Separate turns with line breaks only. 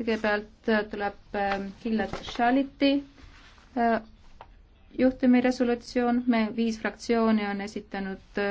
kõigepealt äh, tuleb äh, Hillar Shaliti äh, juhtumi resolutsioon, me viis fraktsiooni on esitanud